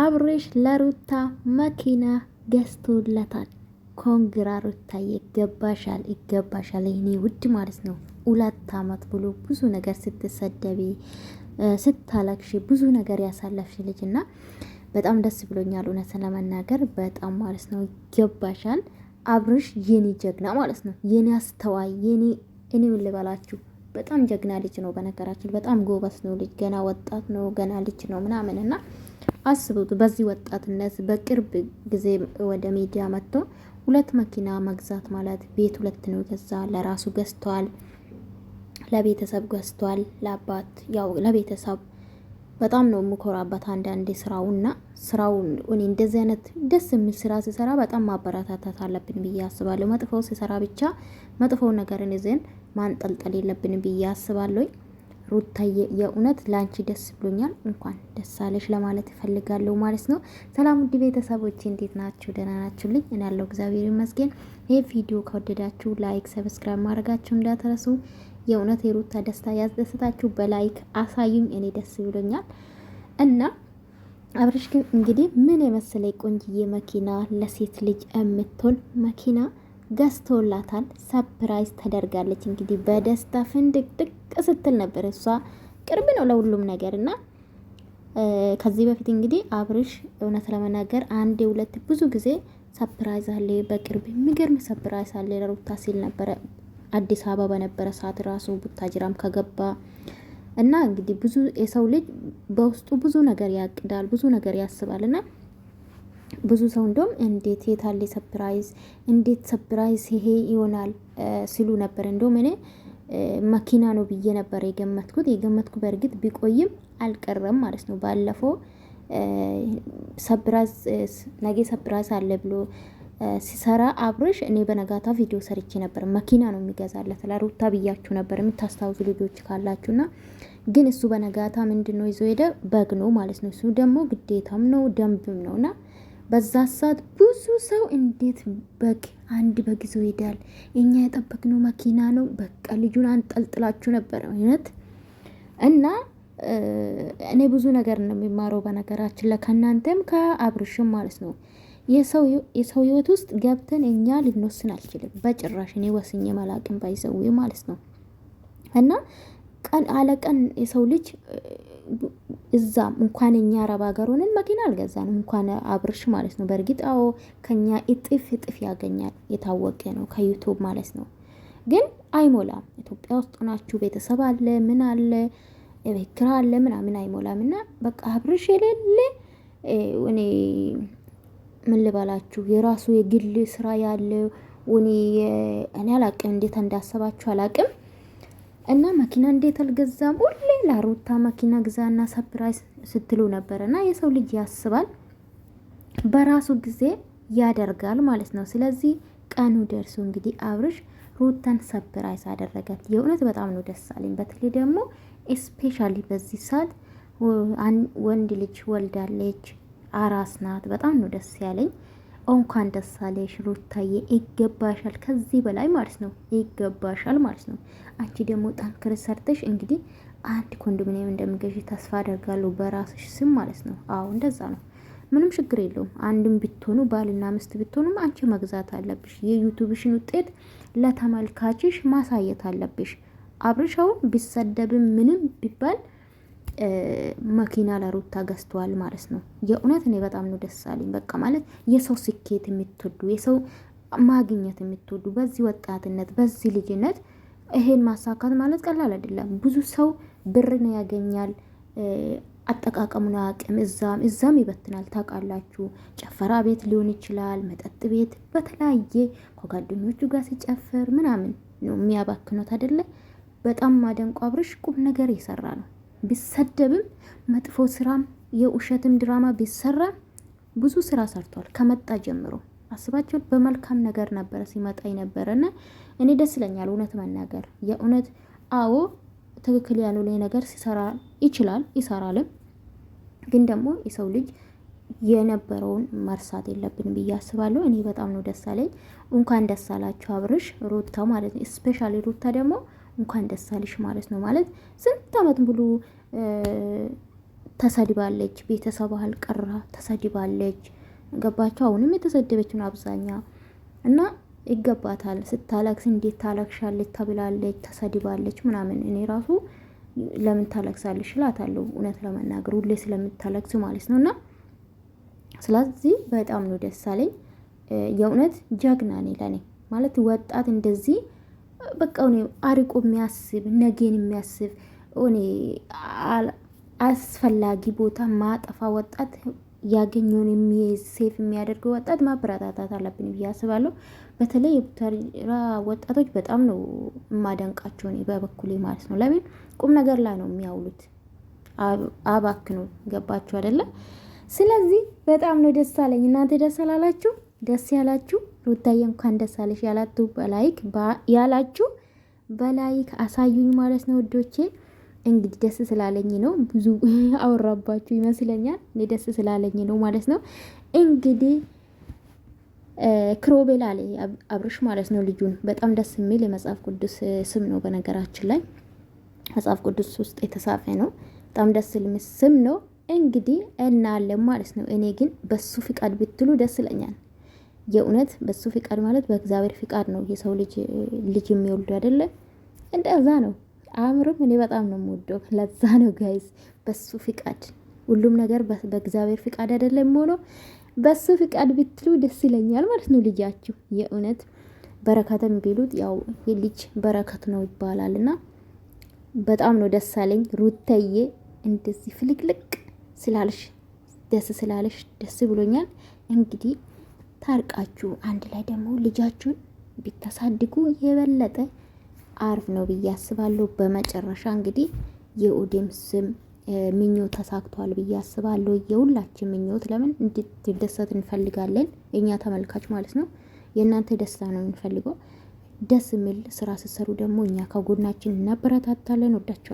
አብርሽ ለሩታ መኪና ገዝቶላታል። ኮንግራ ሩታዬ፣ ይገባሻል፣ ይገባሻል ይህኔ ውድ ማለት ነው። ሁለት አመት ብሎ ብዙ ነገር ስትሰደቢ ስታለቅሽ ብዙ ነገር ያሳለፍሽ ልጅ እና በጣም ደስ ብሎኛል፣ እውነትን ለመናገር በጣም ማለት ነው። ይገባሻል አብርሽ፣ የኔ ጀግና ማለት ነው። የኔ አስተዋይ፣ የኔ እኔ ምን ልበላችሁ፣ በጣም ጀግና ልጅ ነው። በነገራችን በጣም ጎበስ ነው ልጅ፣ ገና ወጣት ነው፣ ገና ልጅ ነው ምናምን እና አስቡት በዚህ ወጣትነት በቅርብ ጊዜ ወደ ሚዲያ መጥቶ ሁለት መኪና መግዛት ማለት ቤት ሁለት ነው ገዛ። ለራሱ ገዝቷል፣ ለቤተሰብ ገዝቷል፣ ለአባት ያው ለቤተሰብ በጣም ነው የምኮራበት። አንዳንዴ ስራውና ስራው እኔ እንደዚህ አይነት ደስ የሚል ስራ ሲሰራ በጣም ማበረታታት አለብን ብዬ አስባለሁ። መጥፎ ሲሰራ ብቻ መጥፎ ነገርን ይዘን ማንጠልጠል የለብን ብዬ አስባለሁ። ሩታዬ የእውነት ለአንቺ ደስ ብሎኛል። እንኳን ደስ አለሽ ለማለት እፈልጋለሁ ማለት ነው። ሰላም ውድ ቤተሰቦቼ እንዴት ናችሁ? ደህና ናችሁልኝ? እኔ ያለው እግዚአብሔር ይመስገን። ይህ ቪዲዮ ከወደዳችሁ ላይክ፣ ሰብስክራይብ ማድረጋችሁ እንዳትረሱ። የእውነት የሩታ ደስታ ያስደስታችሁ፣ በላይክ አሳዩኝ። እኔ ደስ ብሎኛል እና አብረሽ ግን እንግዲህ ምን የመሰለ ቆንጅዬ መኪና ለሴት ልጅ የምትሆን መኪና ገዝቶላታል። ሰፕራይዝ ተደርጋለች። እንግዲህ በደስታ ፍንድቅድቅ ስትል ነበር። እሷ ቅርብ ነው ለሁሉም ነገር እና ከዚህ በፊት እንግዲህ አብርሽ እውነት ለመናገር አንዴ ሁለት ብዙ ጊዜ ሰፕራይዝ አለ፣ በቅርብ የሚገርም ሰፕራይዝ አለ ለሩታ ሲል ነበረ። አዲስ አበባ በነበረ ሰዓት ራሱ ቡታጅራም ከገባ እና እንግዲህ ብዙ የሰው ልጅ በውስጡ ብዙ ነገር ያቅዳል፣ ብዙ ነገር ያስባል እና ብዙ ሰው እንደውም እንዴት የታለ ሰፕራይዝ፣ እንዴት ሰፕራይዝ ይሄ ይሆናል ሲሉ ነበር። እንደውም እኔ መኪና ነው ብዬ ነበር የገመትኩት የገመትኩ በእርግጥ ቢቆይም አልቀረም ማለት ነው። ባለፈው ሰፕራይዝ ነገ ሰፕራይዝ አለ ብሎ ሲሰራ አብሮሽ እኔ በነጋታ ቪዲዮ ሰርቼ ነበር። መኪና ነው የሚገዛለት ለሩታ ብያችሁ ነበር የምታስታውሱ ልጆች ካላችሁና፣ ግን እሱ በነጋታ ምንድን ነው ይዞ ሄደ? በግ ነው ማለት ነው። እሱ ደግሞ ግዴታም ነው ደንብም ነው እና። በዛ ሰዓት ብዙ ሰው እንዴት በግ አንድ በግ ይዞ ይሄዳል? እኛ የጠበቅነው መኪና ነው። በቃ ልጁን አንጠልጥላችሁ ነበር አይነት እና እኔ ብዙ ነገር ነው የሚማረው በነገራችን ላይ ከእናንተም ከአብርሽም ማለት ነው። የሰው ህይወት ውስጥ ገብተን እኛ ልንወስን አልችልም በጭራሽ። እኔ ወስኝ መላቅም ባይዘው ማለት ነው እና ቀን አለቀን የሰው ልጅ እዛም እንኳን እኛ አረብ ሀገር ሆነን መኪና አልገዛንም፣ እንኳን አብርሽ ማለት ነው። በእርግጥ አዎ ከኛ እጥፍ እጥፍ ያገኛል፣ የታወቀ ነው፣ ከዩቱብ ማለት ነው። ግን አይሞላም። ኢትዮጵያ ውስጥ ናችሁ፣ ቤተሰብ አለ፣ ምን አለ፣ ቤት ኪራይ አለ፣ ምናምን አይሞላም። እና በቃ አብርሽ የሌለ እኔ ምን ልበላችሁ የራሱ የግል ስራ ያለው እኔ እኔ አላቅም፣ እንዴት እንዳሰባችሁ አላቅም። እና መኪና እንዴት አልገዛም? ሁሌ ለሩታ መኪና ግዛ ግዛና ሰፕራይዝ ስትሉ ነበር። እና የሰው ልጅ ያስባል በራሱ ጊዜ ያደርጋል ማለት ነው። ስለዚህ ቀኑ ደርሶ እንግዲህ አብርሽ ሩታን ሰፕራይዝ አደረጋት። የእውነት በጣም ነው ደስ አለኝ። በተለይ ደግሞ ስፔሻሊ በዚህ ሰዓት ወንድ ልጅ ወልዳለች፣ አራስ ናት። በጣም ነው ደስ ያለኝ። እንኳን ደስ አለሽ ሩታዬ፣ ይገባሻል፣ ከዚህ በላይ ማለት ነው ይገባሻል ማለት ነው። አንቺ ደግሞ ጠንክር ሰርተሽ እንግዲህ አንድ ኮንዶሚኒየም እንደምገዥ ተስፋ አደርጋለሁ በራስሽ ስም ማለት ነው። አዎ እንደዛ ነው። ምንም ችግር የለውም። አንድም ብትሆኑ ባልና ምስት ብትሆኑም አንቺ መግዛት አለብሽ። የዩቱብሽን ውጤት ለተመልካችሽ ማሳየት አለብሽ። አብርሻውን ቢሰደብም ምንም ቢባል መኪና ለሩታ ገዝተዋል ማለት ነው። የእውነት እኔ በጣም ነው ደስ አለኝ። በቃ ማለት የሰው ስኬት የምትወዱ የሰው ማግኘት የምትወዱ በዚህ ወጣትነት በዚህ ልጅነት ይሄን ማሳካት ማለት ቀላል አይደለም። ብዙ ሰው ብርን ያገኛል አጠቃቀሙን አቅም እዛም እዛም ይበትናል። ታውቃላችሁ፣ ጨፈራ ቤት ሊሆን ይችላል፣ መጠጥ ቤት፣ በተለያየ ከጓደኞቹ ጋር ሲጨፍር ምናምን ነው የሚያባክኖት አይደለ? በጣም ማደንቆ አብርሽ ቁም ነገር የሰራ ነው። ቢሰደብም መጥፎ ስራም የውሸትም ድራማ ቢሰራ ብዙ ስራ ሰርቷል። ከመጣ ጀምሮ አስባቸው በመልካም ነገር ነበረ ሲመጣ ነበረና እኔ ደስ ይለኛል። እውነት መናገር የእውነት አዎ ትክክል ያሉ ላይ ነገር ሲሰራ ይችላል ይሰራልም። ግን ደግሞ የሰው ልጅ የነበረውን መርሳት የለብን ብዬ አስባለሁ። እኔ በጣም ነው ደስ አለኝ። እንኳን ደስ አላችሁ አብርሽ ሩታ ማለት ነው። ስፔሻሊ ሩታ ደግሞ እንኳን ደስ አለሽ ማለት ነው። ማለት ስንት አመት ሙሉ ተሰድባለች፣ ቤተሰብ አልቀራ ተሰድባለች። ገባቸው። አሁንም የተሰደበች ነው አብዛኛ እና ይገባታል። ስታለቅስ እንዴት ታለቅሻለች ተብላለች፣ ተሰድባለች ምናምን። እኔ ራሱ ለምን ታለቅሳለች እላታለሁ እውነት ለመናገር ሁሌ ስለምታለቅስ ማለት ነው። እና ስለዚህ በጣም ነው ደስ አለኝ የእውነት ጀግና ነኝ ለኔ ማለት ወጣት እንደዚህ በቃ እኔ አርቆ የሚያስብ ነገን የሚያስብ እኔ አስፈላጊ ቦታ ማጠፋ ወጣት ያገኘውን የሚይዝ ሴፍ የሚያደርገው ወጣት ማበረታታት አለብን ብዬ አስባለሁ። በተለይ የቡታራ ወጣቶች በጣም ነው የማደንቃቸው እኔ በበኩሌ ማለት ነው። ለምን ቁም ነገር ላይ ነው የሚያውሉት፣ አባክ ነው ገባችሁ አይደለም? ስለዚህ በጣም ነው ደስ አለኝ። እናንተ ደስ አላላችሁ? ደስ ያላችሁ ሩታዬ፣ እንኳን ደስ አለሽ ያላችሁ በላይክ ያላችሁ በላይክ አሳዩኝ ማለት ነው ወዶቼ። እንግዲህ ደስ ስላለኝ ነው። ብዙ አወራባችሁ ይመስለኛል። እኔ ደስ ስላለኝ ነው ማለት ነው። እንግዲህ ክሮቤል አለ አብርሽ ማለት ነው ልጁን። በጣም ደስ የሚል የመጽሐፍ ቅዱስ ስም ነው። በነገራችን ላይ መጽሐፍ ቅዱስ ውስጥ የተጻፈ ነው። በጣም ደስ የሚል ስም ነው። እንግዲህ እናያለን ማለት ነው። እኔ ግን በሱ ፍቃድ ብትሉ ደስ ይለኛል። የእውነት በሱ ፍቃድ ማለት በእግዚአብሔር ፍቃድ ነው። የሰው ልጅ ልጅ የሚወልዱ አይደለ? እንደዛ ነው። አእምርም እኔ በጣም ነው የምወደው። ለዛ ነው ጋይዝ፣ በሱ ፍቃድ ሁሉም ነገር በእግዚአብሔር ፍቃድ አይደለም ሆኖ በሱ ፍቃድ ብትሉ ደስ ይለኛል ማለት ነው። ልጃችሁ የእውነት በረከትም ቢሉት ያው የልጅ በረከት ነው ይባላል እና በጣም ነው ደስ አለኝ ሩታዬ፣ እንደዚህ ፍልቅልቅ ስላልሽ ደስ ስላለሽ ደስ ብሎኛል እንግዲህ ታርቃችሁ አንድ ላይ ደግሞ ልጃችሁን ቢታሳድጉ የበለጠ አሪፍ ነው ብዬ አስባለሁ። በመጨረሻ እንግዲህ የኡዴም ስም ምኞት ተሳክቷል ብዬ አስባለሁ። የሁላችን ምኞት ለምን እንድትደሰት እንፈልጋለን፣ እኛ ተመልካች ማለት ነው። የእናንተ ደስታ ነው የምንፈልገው። ደስ የሚል ስራ ስትሰሩ ደግሞ እኛ ከጎናችን እናበረታታለን። ወዳቸው